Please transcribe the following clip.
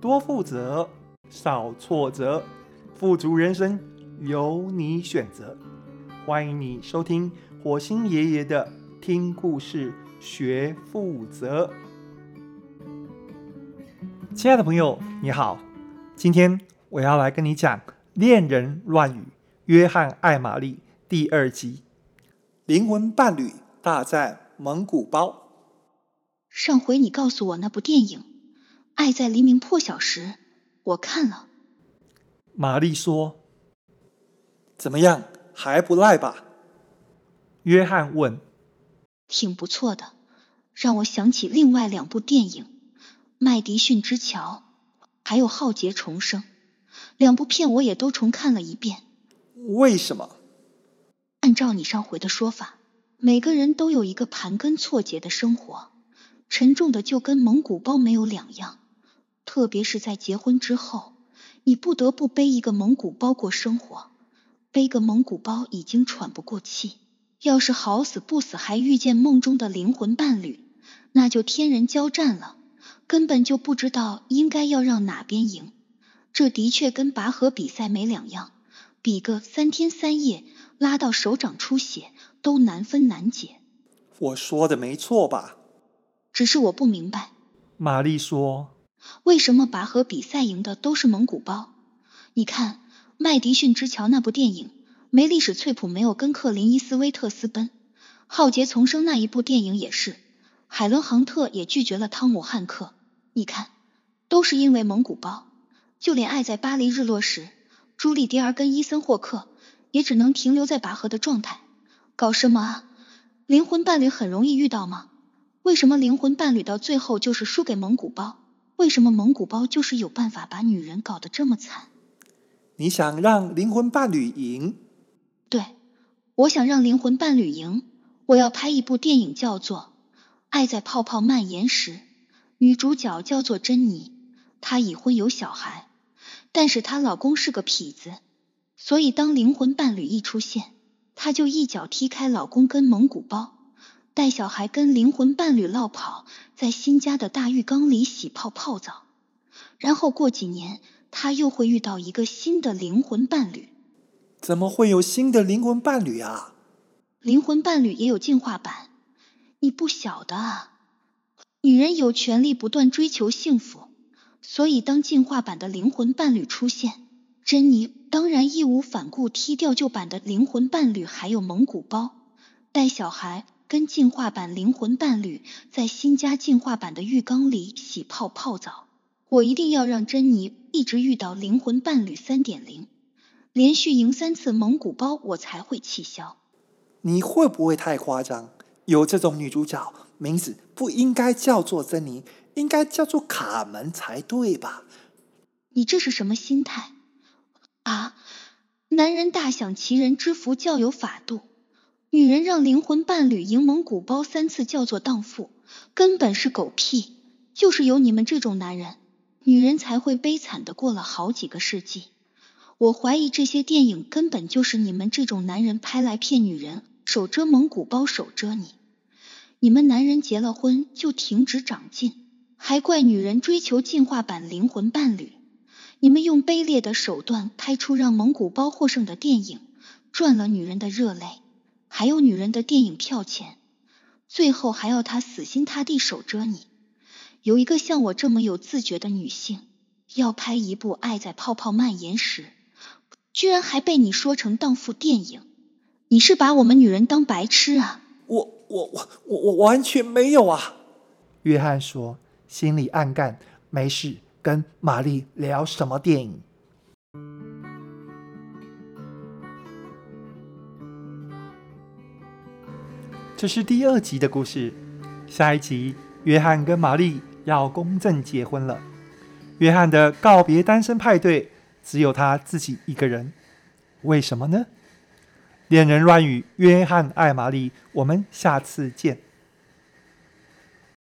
多富擇，少挫折，富足人生由你選擇。歡迎你收聽火星爺爺的聽故事學富擇。親愛的朋友，你好，今天我要來跟你講《戀人亂語》約翰愛瑪麗第二集。靈魂伴侶大戰蒙古包。上回你告訴我那部電影。愛在黎明破曉時，我看了。瑪麗說：“怎麼樣，還不賴吧？”約翰問：“挺不錯的，讓我想起另外兩部電影，《麥迪遜之橋》還有《浩劫餘生》。兩部片我也都重看了一遍。”為什麼？按照你上回的說法，每個人都有一個盤根錯節的生活，沉重的就跟蒙古包沒有兩樣。特別是在結婚之後，你不得不背一個蒙古包過生活，背個蒙古包已經喘不過氣，要是好死不死還遇見夢中的靈魂伴侶，那就天人交戰了，根本就不知道應該要讓哪邊贏。這的確跟拔河比賽沒兩樣，比個三天三夜，拉到手掌出血都難分難解。我說的沒錯吧？只是我不明白，瑪麗說。為什麼拔河比賽贏的都是蒙古包？你看《麥迪遜之橋》那部電影，梅莉史翠普沒有跟克林伊斯威特私奔；《浩劫重生》那一部電影也是，海倫杭特也拒絕了湯姆漢克。你看，都是因為蒙古包。就連愛在巴黎日落時，朱莉·迪爾跟伊森霍克也只能停留在拔河的狀態。搞什麼啊？靈魂伴侶很容易遇到嗎？為什麼靈魂伴侶到最後就是輸給蒙古包？為什麼蒙古包就是有辦法把女人搞得這麼慘？你想讓靈魂伴侶贏？對，我想讓靈魂伴侶贏。我要拍一部電影，叫做《愛在泡泡蔓延時》，女主角叫做珍妮，她已婚有小孩，但是她老公是個痞子，所以當靈魂伴侶一出現，她就一腳踢開老公跟蒙古包。帶小孩跟靈魂伴侶落跑，在新家的大浴缸裡洗泡泡澡，然後過幾年，他又會遇到一個新的靈魂伴侶。怎麼會有新的靈魂伴侶啊？靈魂伴侶也有進化版，你不曉得啊？女人有權利不斷追求幸福，所以當進化版的靈魂伴侶出現，珍妮當然義無反顧踢掉舊版的靈魂伴侶，還有蒙古包，帶小孩。跟進化版靈魂伴侶在新家進化版的浴缸裡洗泡泡澡，我一定要讓珍妮一直遇到靈魂伴侶三點零，連續贏三次蒙古包，我才會氣消。你會不會太誇張？有這種女主角名字不應該叫做珍妮，應該叫做卡門才對吧？你這是什麼心態？啊，男人大享齊人之福，較有法度。女人讓靈魂伴侶贏蒙古包三次叫做蕩婦，根本是狗屁。就是有你們這種男人，女人才會悲慘的過了好幾個世紀。我懷疑這些電影根本就是你們這種男人拍來騙女人，手遮蒙古包，手遮你。你們男人結了婚就停止長進，還怪女人追求進化版靈魂伴侶。你們用卑劣的手段拍出讓蒙古包獲勝的電影，賺了女人的熱淚。還有女人的電影票錢，最後還要她死心塌地守着你。有一個像我這麼有自覺的女性，要拍一部《愛在泡泡蔓延時》，居然還被你說成蕩婦電影。你是把我們女人當白痴啊？我我我我我完全沒有啊！約翰說，心裡暗幹，沒事，跟瑪麗聊什麼電影。這是第二集的故事，下一集約翰跟瑪麗要公證結婚了。約翰的告別單身派對只有他自己一個人，為什麼呢？戀人亂語，約翰愛瑪麗，我們下次見。